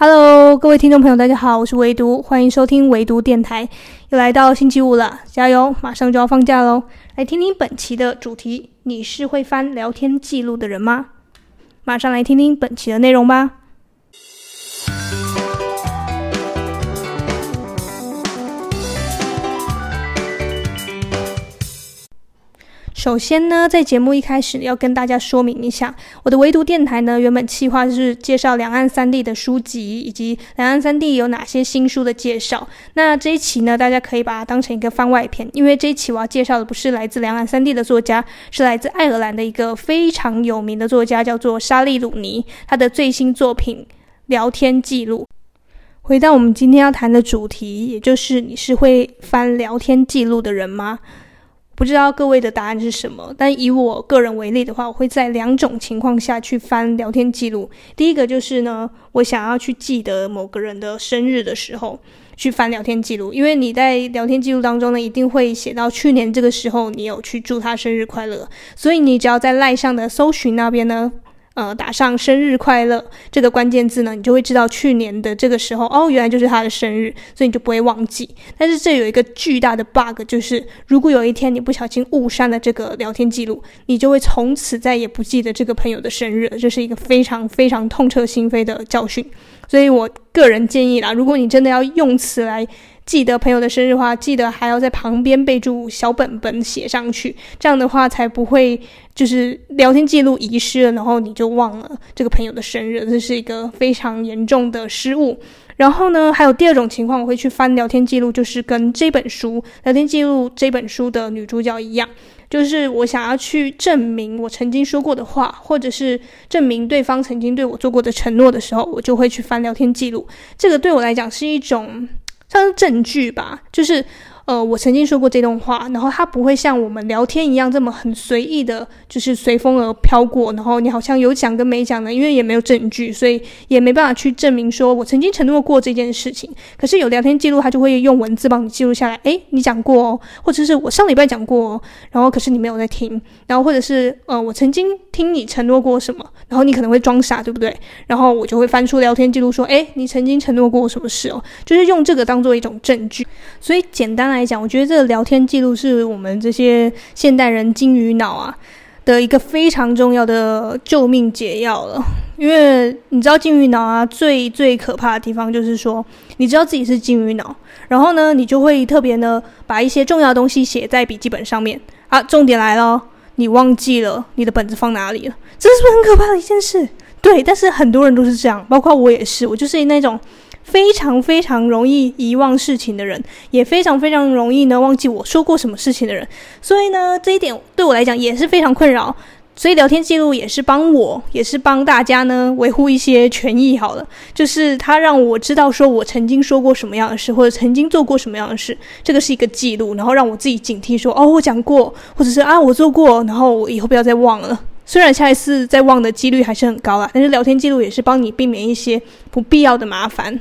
哈嘍，各位聽眾朋友，大家好，我是微讀，歡迎收聽微讀電台，又來到星期五了，加油，馬上就要放假嘍，來聽聽本期的主題，你是會翻聊天記錄的人嗎？馬上來聽聽本期的內容吧。首先呢，在節目一開始要跟大家說明一下，我的微讀電台呢，原本計劃是介紹兩岸三地的書籍以及兩岸三地有哪些新書的介紹。那這一期呢，大家可以把它當成一個番外篇，因為這一期我要介紹的不是來自兩岸三地的作家，是來自愛爾蘭的一個非常有名的作家，叫做莎莉·魯尼。他的最新作品《聊天記錄》。回到我們今天要談的主題，也就是你是會翻聊天記錄的人嗎？不知道各位的答案是什麼，但以我個人為例的話，我會在兩種情況下去翻聊天記錄。第一個就是呢，我想要去記得某個人的生日的時候，去翻聊天記錄，因為你在聊天記錄當中呢，一定會寫到去年這個時候你有去祝他生日快樂，所以你只要在賴上的搜尋那邊呢。呃，打上“生日快樂”這個關鍵字呢，你就會知道去年的這個時候哦，原來就是他的生日，所以你就不會忘記。但是這有一個巨大的 bug，就是如果有一天你不小心誤刪了這個聊天記錄，你就會從此再也不記得這個朋友的生日。這是一個非常非常痛徹心扉的教訓，所以我個人建議啦，如果你真的要用此來。記得朋友的生日的話，記得還要在旁邊備註小本本寫上去，這樣的話才不會就是聊天記錄遺失了，然後你就忘了這個朋友的生日，這是一個非常嚴重的失誤。然後呢，還有第二種情況，我會去翻聊天記錄，就是跟這本書聊天記錄這本書的女主角一樣，就是我想要去證明我曾經說過的話，或者是證明對方曾經對我做過的承諾的時候，我就會去翻聊天記錄。這個對我來講是一種。像是證據吧，就是。呃，我曾經說過這段話，然後他不會像我們聊天一樣這麼很隨意的，就是隨風而飄過。然後你好像有講跟沒講的，因為也沒有證據，所以也沒辦法去證明說我曾經承諾過這件事情。可是有聊天記錄，他就會用文字幫你記錄下來。誒，你講過哦，或者是我上禮拜講過哦，然後可是你沒有在聽，然後或者是呃，我曾經聽你承諾過什麼，然後你可能會裝傻，對不對？然後我就會翻出聊天記錄說，誒，你曾經承諾過什麼事哦？就是用這個當做一種證據。所以簡單來。來講，我覺得這個聊天記錄是我們這些現代人金魚腦啊的一個非常重要的救命解藥了。因為你知道金魚腦啊，最最可怕的地方就是說，你知道自己是金魚腦，然後呢，你就會特別呢把一些重要的東西寫在筆記本上面啊。重點來了，你忘記了你的本子放哪裡了，這是不是很可怕的一件事？對，但是很多人都是這樣，包括我也是，我就是那種。非常非常容易遺忘事情的人，也非常非常容易呢忘記我說過什麼事情的人，所以呢，這一點對我來講也是非常困擾。所以聊天記錄也是幫我，也是幫大家呢維護一些權益好了。就是他讓我知道說我曾經說過什麼樣的事，或者曾經做過什麼樣的事，這個是一個記錄，然後讓我自己警惕說哦，我講過，或者是啊我做過，然後我以後不要再忘了。雖然下一次再忘的幾率還是很高啦，但是聊天記錄也是幫你避免一些不必要的麻煩。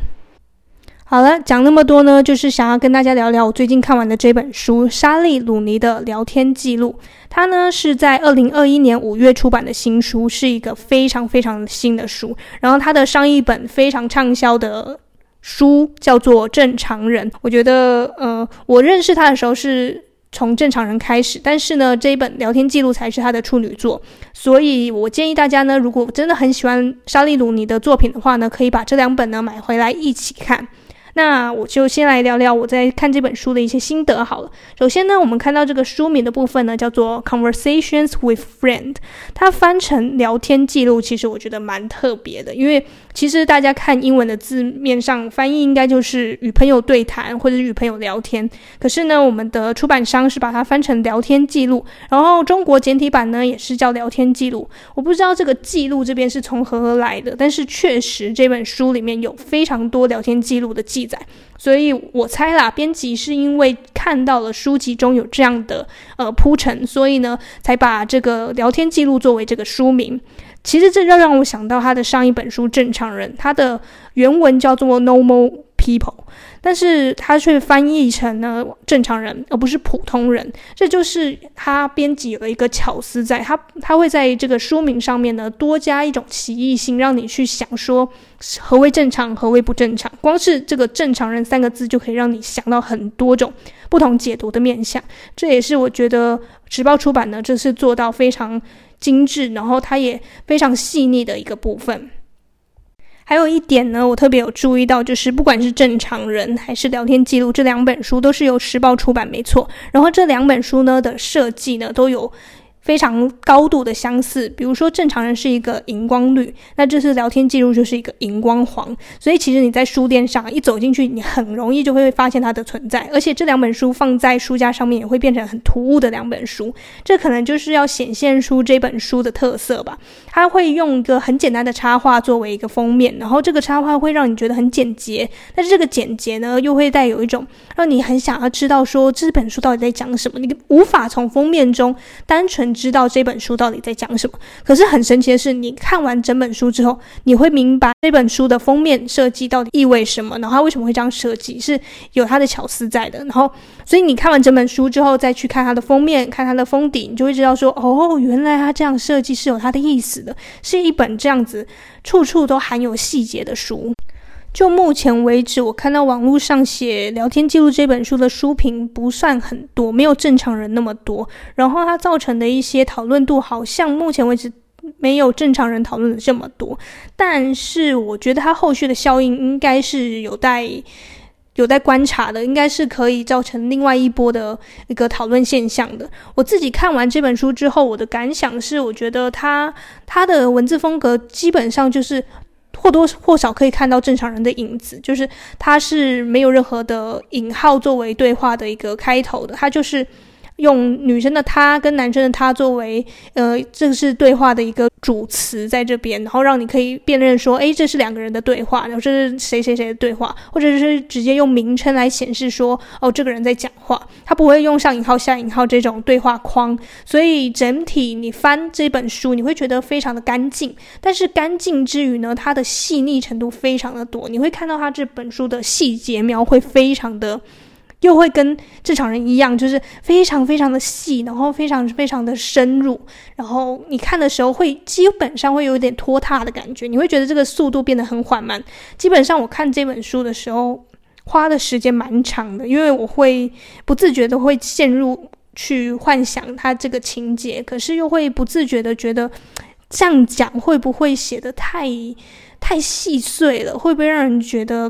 好了，講那麼多呢，就是想要跟大家聊聊我最近看完的這本書《莎莉·魯尼的聊天記錄》他呢。它呢是在二零二一年五月出版的新書，是一個非常非常新的書。然後它的上一本非常暢銷的書叫做《正常人》，我覺得呃，我認識他的時候是。從正常人開始，但是呢，這一本聊天記錄才是他的處女作，所以我建議大家呢，如果真的很喜歡莎莉魯尼的作品的話呢，可以把這兩本呢買回來一起看。那我就先來聊聊我在看這本書的一些心得好了。首先呢，我們看到這個書名的部分呢，叫做《Conversations with Friends》，它翻成聊天記錄，其實我覺得蠻特別的。因為其實大家看英文的字面上翻譯，應該就是與朋友對談或者與朋友聊天。可是呢，我們的出版商是把它翻成聊天記錄，然後中國簡體版呢也是叫聊天記錄。我不知道這個記錄這邊是從何而來的，但是確實這本書裡面有非常多聊天記錄的記。記載，所以我猜啦，編輯是因為看到了書籍中有這樣的呃鋪陳，所以呢，才把這個聊天記錄作為這個書名。其實這就讓我想到他的上一本書《正常人》，他的原文叫做《Normal People》。但是他卻翻譯成呢，“正常人”，而不是“普通人”，這就是他編輯了一個巧思在，在他他會在這個書名上面呢多加一種歧義性，讓你去想說何為正常，何為不正常。光是這個“正常人”三個字就可以讓你想到很多種不同解讀的面相。這也是我覺得時報出版呢，這是做到非常精致，然後它也非常細膩的一個部分。還有一點呢，我特別有注意到，就是不管是正常人還是聊天記錄，這兩本書都是由時報出版，沒錯。然後這兩本書呢的設計呢，都有。非常高度的相似，比如說正常人是一個熒光綠那這次聊天記錄就是一個熒光黃所以其實你在書店上一走進去，你很容易就會發現它的存在。而且這兩本書放在書架上面也會變成很突兀的兩本書，這可能就是要顯現出這本書的特色吧。它會用一個很簡單的插畫作為一個封面，然後這個插畫會讓你覺得很簡潔，但是這個簡潔呢，又會帶有一種讓你很想要知道說這本書到底在講什麼，你無法從封面中單純。知道這本書到底在講什麼，可是很神奇的是，你看完整本書之後，你會明白這本書的封面設計到底意味什麼，然後它為什麼會這樣設計，是有它的巧思在的。然後，所以你看完整本書之後，再去看它的封面、看它的封底，你就會知道說，哦，原來它這樣設計是有它的意思的，是一本這樣子，處處都含有細節的書。就目前為止，我看到網絡上寫《聊天記錄》這本書的書評不算很多，沒有正常人那麼多。然後它造成的一些討論度，好像目前為止沒有正常人討論的這麼多。但是我覺得它後續的效應應該是有待有待觀察的，應該是可以造成另外一波的一個討論現象的。我自己看完這本書之後，我的感想是，我覺得它它的文字風格基本上就是。或多或少可以看到正常人的影子，就是他是沒有任何的引號作為對話的一個開頭的，他就是。用女生的她跟男生的他作為，呃，這是對話的一個主詞在這邊，然後讓你可以辨認說，誒，這是兩個人的對話，然後這是誰誰誰的對話，或者是直接用名稱來顯示說，哦，這個人在講話，他不會用上引號、下引號這種對話框，所以整體你翻這本書，你會覺得非常的乾淨。但是乾淨之餘呢，它的細膩程度非常的多，你會看到他這本書的細節描繪非常的。又會跟正常人一樣，就是非常非常的細，然後非常非常的深入，然後你看的時候會基本上會有點拖沓的感覺，你會覺得這個速度變得很緩慢。基本上我看這本書的時候，花的時間蠻長的，因為我會不自覺的會陷入去幻想它這個情節，可是又會不自覺的覺得這樣講會不會寫得太，太細碎了，會不會讓人覺得？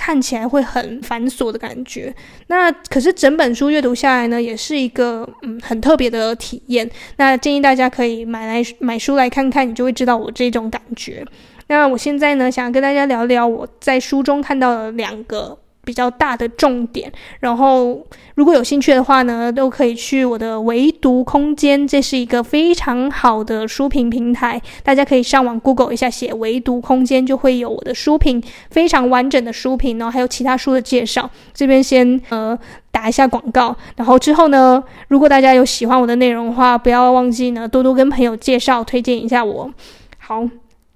看起來會很繁瑣的感覺，那可是整本書閱讀下來呢，也是一個嗯很特別的體驗。那建議大家可以買來買書來看看，你就會知道我這種感覺。那我現在呢，想要跟大家聊聊我在書中看到的兩個。比較大的重點，然後如果有興趣的話呢，都可以去我的微讀空間，這是一個非常好的書評平台，大家可以上網 Google 一下寫微讀空間，就會有我的書評，非常完整的書評哦，然後還有其他書的介紹。這邊先呃打一下廣告，然後之後呢，如果大家有喜歡我的內容的話，不要忘記呢多多跟朋友介紹推薦一下我。好，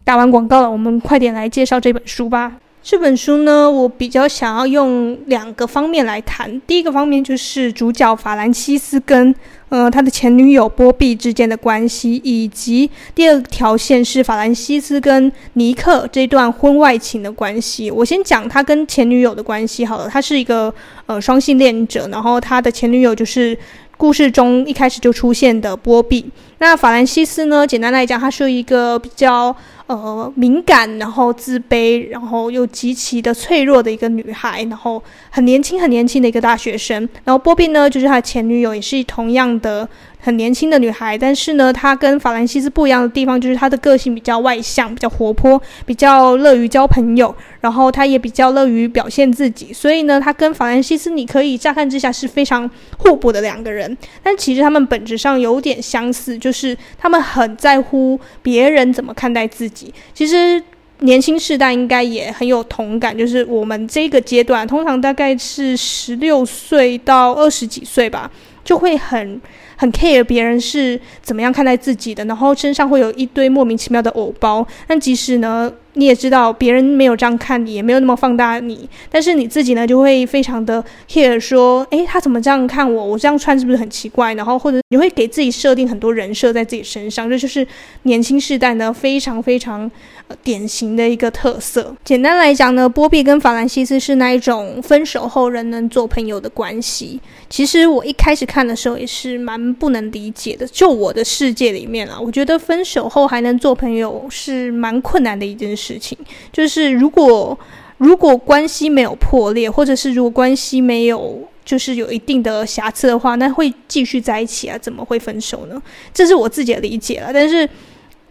打完廣告了，我們快點來介紹這本書吧。這本書呢，我比較想要用兩個方面來談。第一個方面就是主角法蘭希絲跟呃他的前女友玻碧之間的關係，以及第二條線是法蘭希絲跟尼克這段婚外情的關係。我先講他跟前女友的關係好了。他是一個呃雙性戀者，然後他的前女友就是故事中一開始就出現的玻碧。那法蘭希絲呢，簡單來講，他是一個比較。呃，敏感，然後自卑，然後又極其的脆弱的一個女孩，然後很年輕很年輕的一個大學生，然後玻碧呢，就是他的前女友，也是同樣的。很年輕的女孩，但是呢，她跟法蘭希絲不一樣的地方就是她的個性比較外向，比較活潑，比較樂於交朋友，然後她也比較樂於表現自己。所以呢，她跟法蘭希絲，你可以乍看之下是非常互補的兩個人，但其實他們本質上有點相似，就是他們很在乎別人怎麼看待自己。其實年輕世代應該也很有同感，就是我們這個階段通常大概是十六歲到二十幾歲吧，就會很。很 care 別人是怎麼樣看待自己的，然後身上會有一堆莫名其妙的偶包，但即使呢。你也知道，別人沒有這樣看你，也沒有那麼放大你，但是你自己呢，就會非常的 care 說，誒，他怎麼這樣看我？我這樣穿是不是很奇怪？然後或者你會給自己設定很多人設在自己身上，這就，就是年輕時代呢非常非常、呃、典型的一個特色。簡單來講呢，波比跟法蘭西斯是那一種分手後仍能做朋友的關係。其實我一開始看的時候也是蠻不能理解的。就我的世界裡面啊，我覺得分手後還能做朋友是蠻困難的一件事。事情就是如，如果，如果關係沒有破裂，或者是如果關係沒有就是有一定的瑕疵的話，那會繼續在一起啊，怎麼會分手呢？這是我自己的理解了，但是。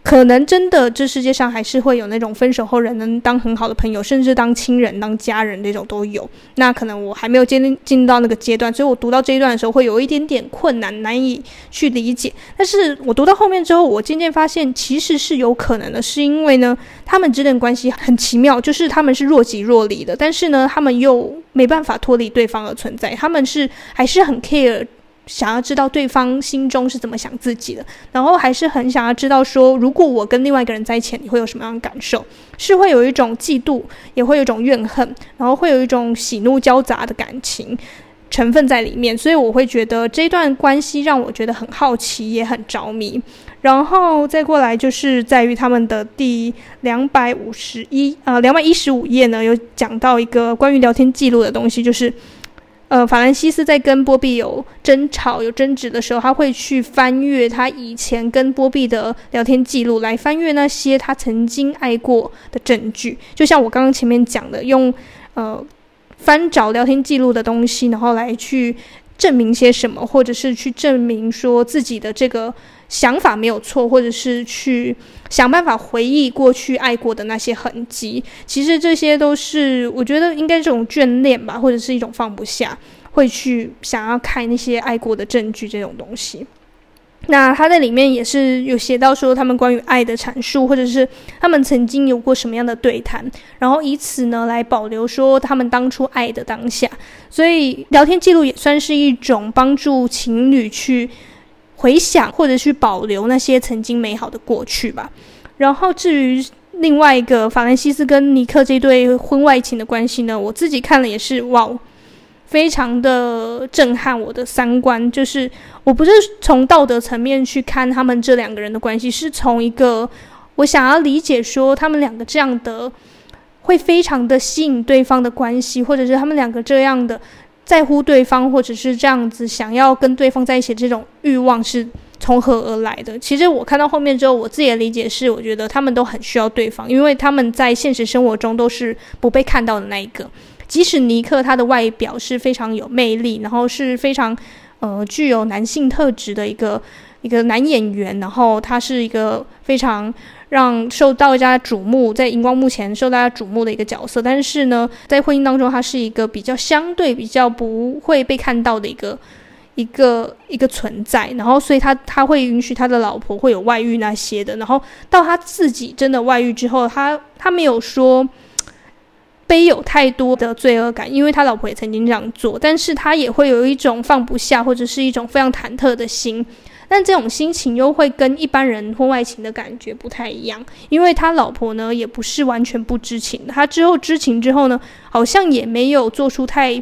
可能真的，這世界上還是會有那種分手後人能當很好的朋友，甚至當親人、當家人那種都有。那可能我還沒有進進到那個階段，所以我讀到這一段的時候會有一點點困難，難以去理解。但是我讀到後面之後，我漸漸發現其實是有可能的，是因為呢，他們之間的關係很奇妙，就是他們是若即若離的，但是呢，他們又沒辦法脫離對方的存在，他們是還是很 care。想要知道對方心中是怎麼想自己的，然後還是很想要知道說，如果我跟另外一個人在一起，你會有什麼樣的感受？是會有一種嫉妒，也會有一種怨恨，然後會有一種喜怒交雜的感情成分在裡面。所以我會覺得這一段關係讓我覺得很好奇，也很着迷。然後再過來就是在於他們的第兩百五十一啊，兩百一十五頁呢，有講到一個關於聊天記錄的東西，就是。呃，法蘭希絲在跟玻碧有爭吵、有爭執的時候，他會去翻閱他以前跟玻碧的聊天記錄，來翻閱那些他曾經愛過的證據。就像我剛剛前面講的，用呃翻找聊天記錄的東西，然後來去證明些什麼，或者是去證明說自己的這個。想法沒有錯，或者是去想辦法回憶過去愛過的那些痕跡，其實這些都是我覺得應該是一種眷戀吧，或者是一種放不下，會去想要看那些愛過的證據這種東西。那他在裡面也是有寫到說他們關於愛的闡述，或者是他們曾經有過什麼樣的對談，然後以此呢，來保留說他們當初愛的當下。所以聊天記錄也算是一種幫助情侶去。回想或者去保留那些曾經美好的過去吧。然後至於另外一個法蘭希絲跟尼克這對婚外情的關係呢，我自己看了也是哇，非常的震撼我的三觀。就是我不是從道德層面去看他們這兩個人的關係，是從一個我想要理解說他們兩個這樣的會非常的吸引對方的關係，或者是他們兩個這樣的。在乎對方，或者是這樣子想要跟對方在一起這種慾望是從何而來的？其實我看到後面之後，我自己的理解是，我覺得他們都很需要對方，因為他們在現實生活中都是不被看到的那一個。即使尼克他的外表是非常有魅力，然後是非常，呃，具有男性特質的一個。一個男演員，然後他是一個非常讓受到大家矚目，在熒光幕前受大家矚目的一個角色。但是呢，在婚姻當中，他是一個比較相對比較不會被看到的一個一個一個存在。然後，所以他他會允許他的老婆會有外遇那些的。然後到他自己真的外遇之後，他他沒有說背有太多的罪惡感，因為他老婆也曾經這樣做。但是他也會有一種放不下，或者是一種非常忐忑的心。但這種心情又會跟一般人婚外情的感覺不太一樣，因為他老婆呢也不是完全不知情，他之後知情之後呢，好像也沒有做出太，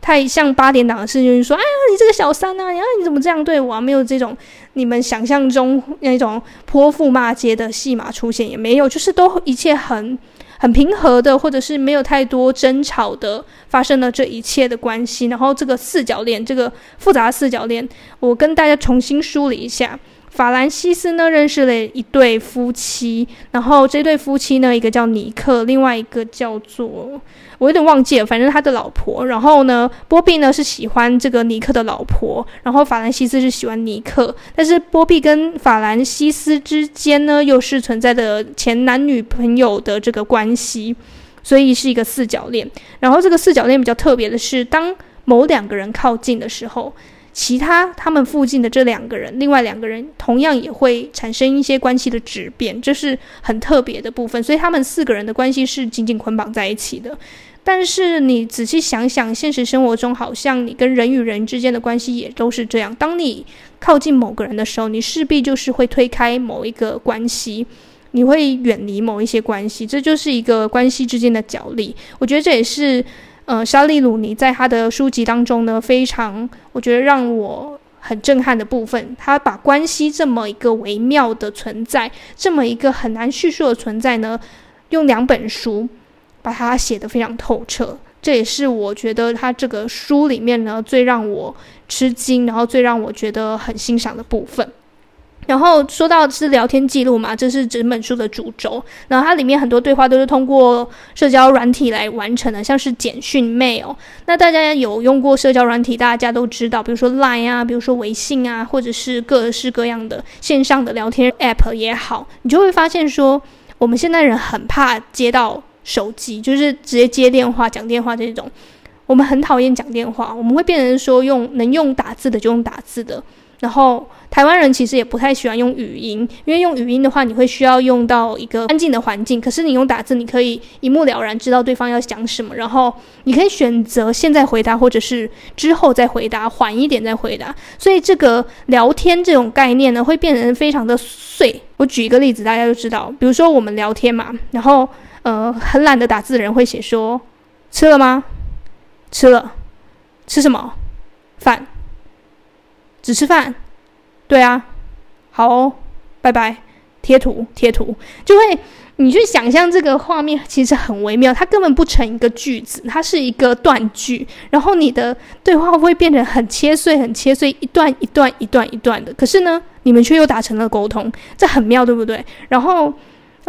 太像八點檔的事情，就是說，哎呀你這個小三吶、啊，你啊你怎麼這樣對我、啊，沒有這種你們想象中那種潑婦罵街的戲碼出現，也沒有，就是都一切很。很平和的，或者是沒有太多爭吵的，發生了這一切的關係。然後這個四角戀，這個複雜的四角戀，我跟大家重新梳理一下。法蘭希絲呢，認識了一對夫妻，然後這對夫妻呢，一個叫尼克，另外一個叫做。我有點忘記了，反正他的老婆，然後呢，玻碧呢是喜歡這個尼克的老婆，然後法蘭希絲是喜歡尼克，但是玻碧跟法蘭希絲之間呢又是存在的前男女朋友的這個關係，所以是一個四角戀。然後這個四角戀比較特別的是，當某兩個人靠近的時候，其他他們附近的這兩個人，另外兩個人同樣也會產生一些關係的質變，這是很特別的部分。所以他們四個人的關係是緊緊捆綁在一起的。但是你仔細想想，現實生活中好像你跟人與人之間的關係也都是這樣。當你靠近某個人的時候，你勢必就是會推開某一個關係，你會遠離某一些關係，這就是一個關係之間的角力。我覺得這也是，呃，莎莉魯尼在她的書籍當中呢，非常，我覺得讓我很震撼的部分，她把關係這麼一個微妙的存在，這麼一個很難敘述的存在呢，用兩本書。把它寫得非常透徹，這也是我覺得他這個書裡面呢，最讓我吃驚，然後最讓我覺得很欣賞的部分。然後說到是聊天記錄嘛，這是整本書的主軸。然後它裡面很多對話都是通過社交軟體來完成的，像是簡訊、mail。那大家有用過社交軟體，大家都知道，比如說 Line 啊，比如說微信啊，或者是各式各樣的線上的聊天 app 也好，你就會發現說，我們現代人很怕接到。手機就是直接接電話、講電話這種，我們很討厭講電話，我們會變成說用能用打字的就用打字的。然後台灣人其實也不太喜歡用語音，因為用語音的話，你會需要用到一個安靜的環境。可是你用打字，你可以一目了然知道對方要講什麼，然後你可以選擇現在回答，或者是之後再回答，緩一點再回答。所以這個聊天這種概念呢，會變成非常的碎。我舉一個例子，大家就知道，比如說我們聊天嘛，然後。呃，很懶得打字的人會寫說：“吃了嗎？吃了，吃什麼？飯，只吃飯。對啊，好哦，拜拜。貼圖，貼圖，就會你去想象這個畫面，其實很微妙，它根本不成一個句子，它是一個斷句。然後你的對話會變成很切碎、很切碎，一段一段、一段一段的。可是呢，你們卻又達成了溝通，這很妙，對不對？然後。”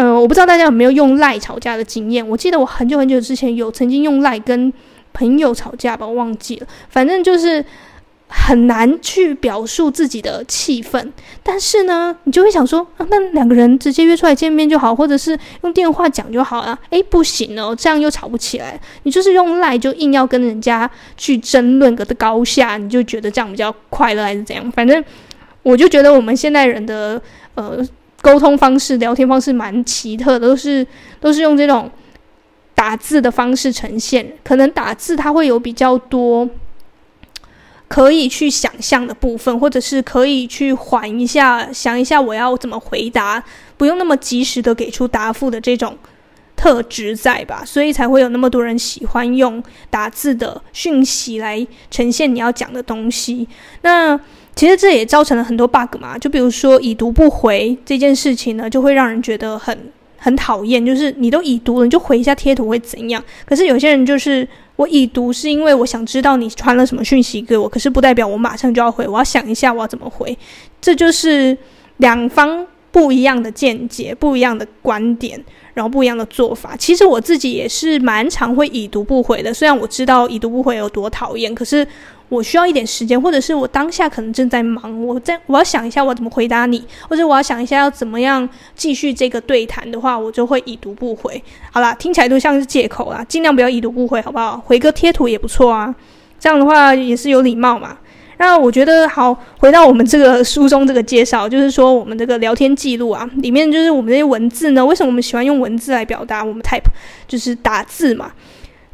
呃，我不知道大家有沒有用賴吵架的經驗。我記得我很久很久之前有曾經用賴跟朋友吵架吧，我忘記了。反正就是很難去表述自己的氣憤。但是呢，你就會想說，啊、那兩個人直接約出來見面就好，或者是用電話講就好了、啊。哎、欸，不行哦、喔，這樣又吵不起來。你就是用賴，就硬要跟人家去爭論個的高下，你就覺得這樣比較快樂，還是怎樣？反正我就覺得我們現代人的呃。溝通方式，聊天方式蠻奇特的，都是都是用這種打字的方式呈現。可能打字它會有比較多可以去想象的部分，或者是可以去緩一下，想一下我要怎麼回答，不用那麼及時的給出答復的這種特質在吧？所以才會有那麼多人喜歡用打字的訊息來呈現你要講的東西。那。其實這也造成了很多 bug 嘛，就比如說已讀不回這件事情呢，就會讓人覺得很很討厭。就是你都已讀了，你就回一下貼圖會怎樣？可是有些人就是我已讀是因為我想知道你傳了什麼訊息給我，可是不代表我馬上就要回，我要想一下我要怎麼回。這就是兩方不一樣的見解、不一樣的觀點，然後不一樣的做法。其實我自己也是蠻常會已讀不回的，雖然我知道已讀不回有多討厭，可是。我需要一點時間，或者是我當下可能正在忙，我在我要想一下我要怎麼回答你，或者我要想一下要怎麼樣繼續這個對談的話，我就會已讀不回。好啦，聽起來都像是借口啦，盡量不要已讀不回，好不好？回個貼圖也不錯啊，這樣的話也是有禮貌嘛。那我覺得好，回到我們這個書中這個介紹，就是說我們這個聊天記錄啊，裡面就是我們這些文字呢，為什麼我們喜歡用文字來表達？我們 type 就是打字嘛。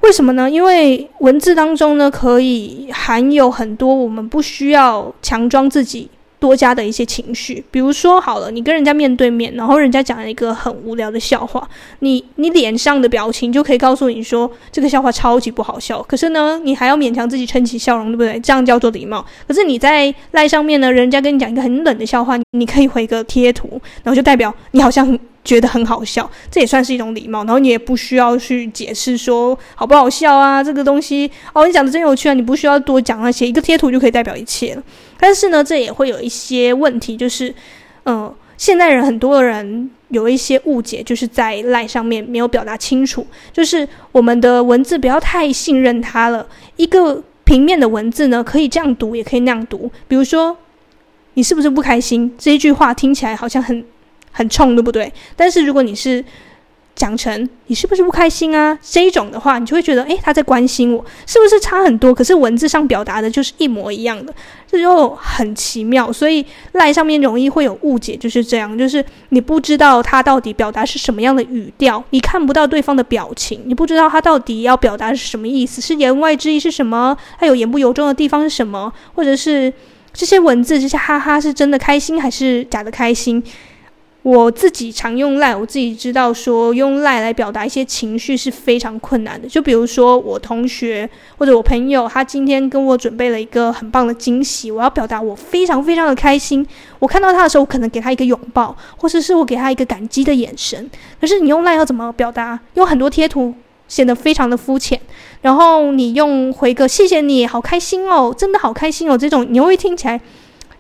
為什麼呢？因為文字當中呢，可以含有很多我們不需要強裝自己多加的一些情緒。比如說好了，你跟人家面對面，然後人家講了一個很無聊的笑話，你，你臉上的表情就可以告訴你說這個笑話超級不好笑。可是呢，你還要勉強自己撐起笑容，對不對？這樣叫做禮貌。可是你在賴上面呢，人家跟你講一個很冷的笑話，你，你可以回個貼圖，然後就代表你好像很。覺得很好笑，這也算是一種禮貌。然後你也不需要去解釋說好不好笑啊，這個東西哦，你講的真有趣啊。你不需要多講那些，一個貼圖就可以代表一切了。但是呢，這也會有一些問題，就是嗯、呃，現代人很多的人有一些誤解，就是在賴上面沒有表達清楚，就是我們的文字不要太信任它了。一個平面的文字呢，可以這樣讀，也可以那樣讀。比如說，你是不是不開心？這一句話聽起來好像很。很衝，對不對？但是如果你是講成，你是不是不開心啊？這一種的話，你就會覺得，誒、欸，他在關心我，是不是差很多？可是文字上表達的就是一模一樣的，這就很奇妙。所以賴上面容易會有誤解，就是這樣，就是你不知道他到底表達是什麼樣的語調，你看不到對方的表情，你不知道他到底要表達是什麼意思，是言外之意是什麼？他有言不由衷的地方是什麼？或者是這些文字這些哈哈是真的開心還是假的開心？我自己常用 LINE，我自己知道說用 LINE 來表達一些情緒是非常困難的。就比如說，我同學或者我朋友，他今天跟我準備了一個很棒的驚喜，我要表達我非常非常的開心。我看到他的時候，我可能給他一個擁抱，或者是我給他一個感激的眼神。可是你用 LINE 要怎麼表達？用很多貼圖顯得非常的膚淺。然後你用回個謝謝你，好開心哦，真的好開心哦，這種你會聽起來，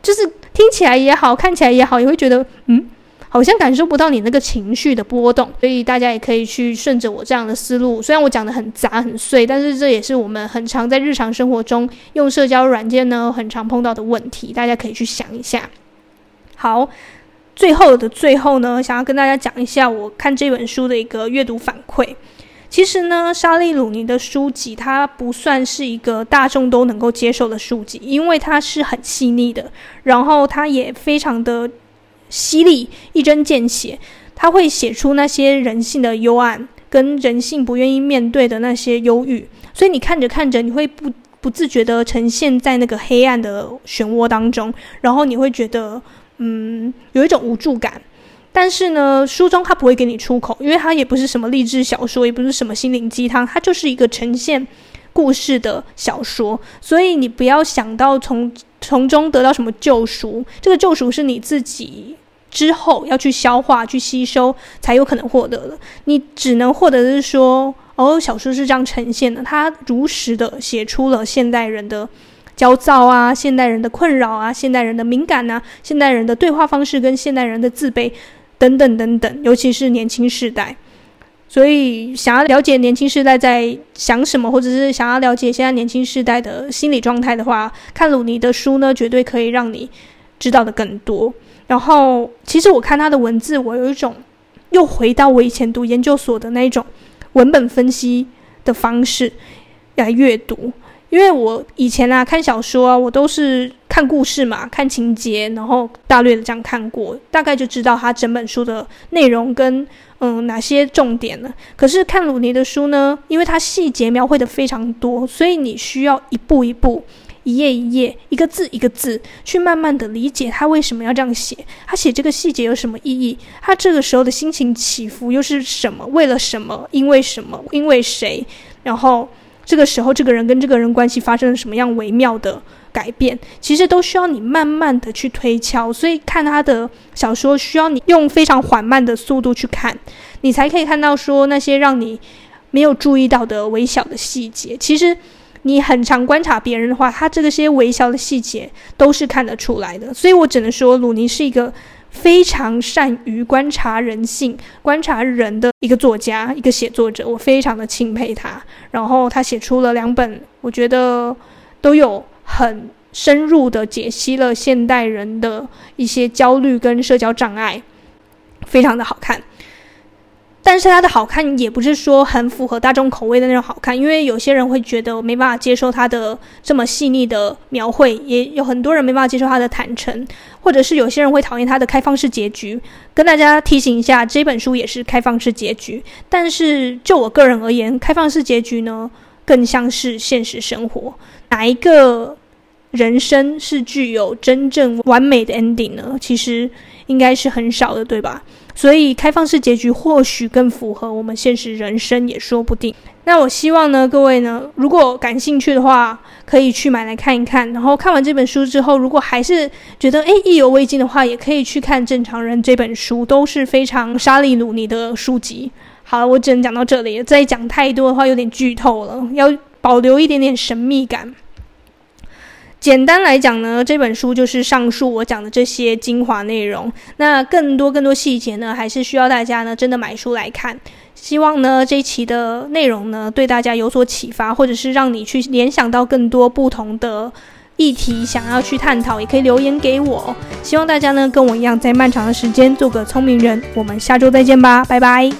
就是聽起來也好，看起來也好，也會覺得嗯。好像感受不到你那個情緒的波動，所以大家也可以去順着我這樣的思路。雖然我講得很雜很碎，但是這也是我們很常在日常生活中用社交軟件呢很常碰到的問題。大家可以去想一下。好，最後的最後呢，想要跟大家講一下我看這本書的一個閱讀反饋。其實呢，莎莉魯尼的書籍它不算是一個大眾都能夠接受的書籍，因為它是很細膩的，然後它也非常的。犀利、一針見血，他會寫出那些人性的幽暗跟人性不願意面對的那些憂鬱，所以你看着看着，你會不不自覺地呈現在那個黑暗的漩渦當中，然後你會覺得嗯，有一種無助感。但是呢，書中它不會給你出口，因為它也不是什麼勵志小說，也不是什麼心靈雞湯，它就是一個呈現故事的小說，所以你不要想到從。從中得到什麼救贖。這個救贖是你自己之後要去消化、去吸收才有可能獲得的。你只能獲得的是說，哦，小說是這樣呈現的，它如實的寫出了現代人的焦躁啊、現代人的困擾啊、現代人的敏感啊、現代人的對話方式跟現代人的自卑等等等等，尤其是年輕世代。所以，想要了解年輕世代在想什麼，或者是想要了解現在年輕世代的心理狀態的話，看魯尼的書呢，絕對可以讓你知道的更多。然後，其實我看他的文字，我有一種又回到我以前讀研究所的那種文本分析的方式來閱讀。因為我以前啊看小說啊，我都是。看故事嘛，看情節，然後大略的這樣看過，大概就知道他整本書的內容跟嗯哪些重點了。可是看魯尼的書呢，因為他細節描繪得非常多，所以你需要一步一步、一頁一頁、一個字一個字去慢慢的理解他為什麼要這樣寫，他寫這個細節有什麼意義，他這個時候的心情起伏又是什麼，為了什麼，因為什麼，因為誰，然後這個時候這個人跟這個人關係發生了什麼樣微妙的改變其實都需要你慢慢的去推敲，所以看他的小說需要你用非常緩慢的速度去看，你才可以看到說那些讓你沒有注意到的微小的細節。其實你很常觀察別人的話，他這個些微小的細節都是看得出來的。所以我只能說，魯尼是一個非常善於觀察人性、觀察人的一個作家，一個寫作者，我非常的欽佩他。然後他寫出了兩本，我覺得都有。很深入的解析了現代人的一些焦慮跟社交障礙，非常的好看。但是它的好看也不是說很符合大眾口味的那種好看，因為有些人會覺得沒辦法接受它的這麼細膩的描繪，也有很多人沒辦法接受它的坦誠，或者是有些人會討厭它的開放式結局。跟大家提醒一下，這本書也是開放式結局。但是就我個人而言，開放式結局呢，更像是現實生活。哪一個人生是具有真正完美的 ending 呢？其實應該是很少的，對吧？所以開放式結局或許更符合我們現實人生，也說不定。那我希望呢，各位呢，如果感興趣的話，可以去買來看一看。然後看完這本書之後，如果還是覺得誒意猶未盡的話，也可以去看《正常人》這本書，都是非常莎莉魯尼的書籍。好了，我只能講到這裡，再講太多的話有點劇透了。要。保留一點點神秘感。簡單來講呢，這本書就是上述我講的這些精華內容。那更多更多細節呢，還是需要大家呢真的買書來看。希望呢這一期的內容呢對大家有所啟發，或者是讓你去聯想到更多不同的議題想要去探討，也可以留言給我。希望大家呢跟我一樣，在漫長的時間做個聰明人。我們下周再見吧，拜拜。